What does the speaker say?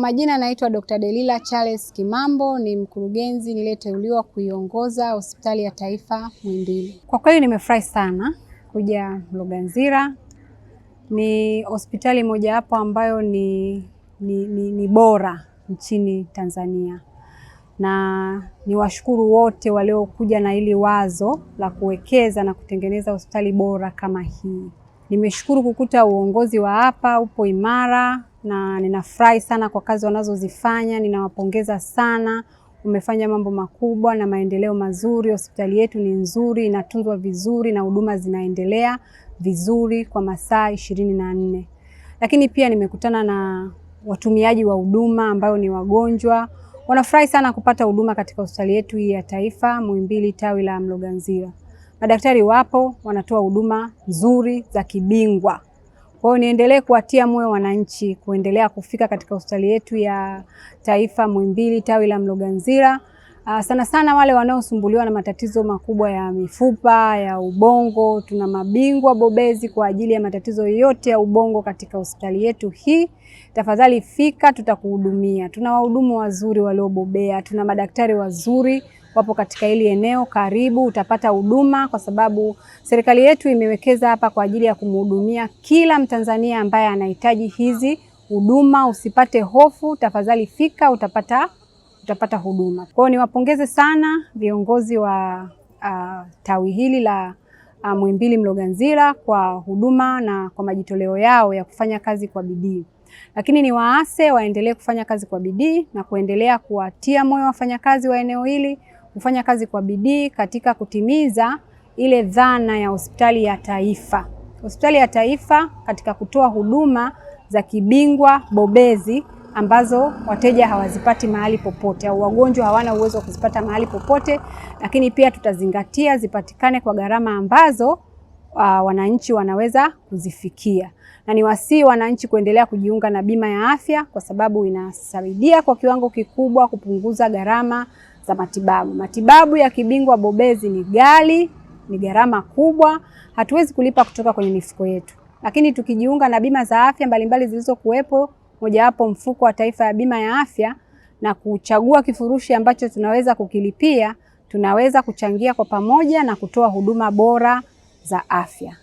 majina naitwa Dr. Delila Charles Kimambo, ni mkurugenzi niliyeteuliwa kuiongoza hospitali ya taifa Muhimbili. Kwa kweli nimefurahi sana kuja Mloganzila, ni hospitali mojawapo ambayo ni, ni, ni, ni bora nchini Tanzania na niwashukuru wote waliokuja na hili wazo la kuwekeza na kutengeneza hospitali bora kama hii. Nimeshukuru kukuta uongozi wa hapa upo imara na ninafurahi sana kwa kazi wanazozifanya, ninawapongeza sana. Umefanya mambo makubwa na maendeleo mazuri. Hospitali yetu ni nzuri, inatunzwa vizuri na huduma zinaendelea vizuri kwa masaa ishirini na nne. Lakini pia nimekutana na watumiaji wa huduma ambao ni wagonjwa, wanafurahi sana kupata huduma katika hospitali yetu hii ya taifa Muhimbili tawi la Mloganzila. Madaktari wapo wanatoa huduma nzuri za kibingwa. Kwa hiyo niendelee kuwatia moyo wananchi kuendelea kufika katika hospitali yetu ya taifa Muhimbili tawi la Mloganzila. Uh, sana sana wale wanaosumbuliwa na matatizo makubwa ya mifupa ya ubongo, tuna mabingwa bobezi kwa ajili ya matatizo yote ya ubongo katika hospitali yetu hii. Tafadhali fika, tutakuhudumia. Tuna wahudumu wazuri waliobobea, tuna madaktari wazuri wapo katika hili eneo, karibu utapata huduma, kwa sababu serikali yetu imewekeza hapa kwa ajili ya kumhudumia kila Mtanzania ambaye anahitaji hizi huduma. Usipate hofu, tafadhali fika, utapata utapata huduma. Kwa hiyo niwapongeze sana viongozi wa uh, tawi hili la uh, Muhimbili Mloganzila kwa huduma na kwa majitoleo yao ya kufanya kazi kwa bidii, lakini ni waase waendelee kufanya kazi kwa bidii na kuendelea kuwatia moyo wafanyakazi wa eneo hili kufanya kazi kwa bidii katika kutimiza ile dhana ya hospitali ya taifa. Hospitali ya taifa katika kutoa huduma za kibingwa bobezi ambazo wateja hawazipati mahali popote au wagonjwa hawana uwezo wa kuzipata mahali popote, lakini pia tutazingatia zipatikane kwa gharama ambazo uh, wananchi wanaweza kuzifikia, na niwasihi wananchi kuendelea kujiunga na bima ya afya kwa sababu inasaidia kwa kiwango kikubwa kupunguza gharama za matibabu. Matibabu ya kibingwa bobezi ni ghali, ni gharama kubwa, hatuwezi kulipa kutoka kwenye mifuko yetu, lakini tukijiunga na bima za afya mbalimbali zilizokuwepo, mojawapo mfuko wa taifa ya bima ya afya, na kuchagua kifurushi ambacho tunaweza kukilipia, tunaweza kuchangia kwa pamoja na kutoa huduma bora za afya.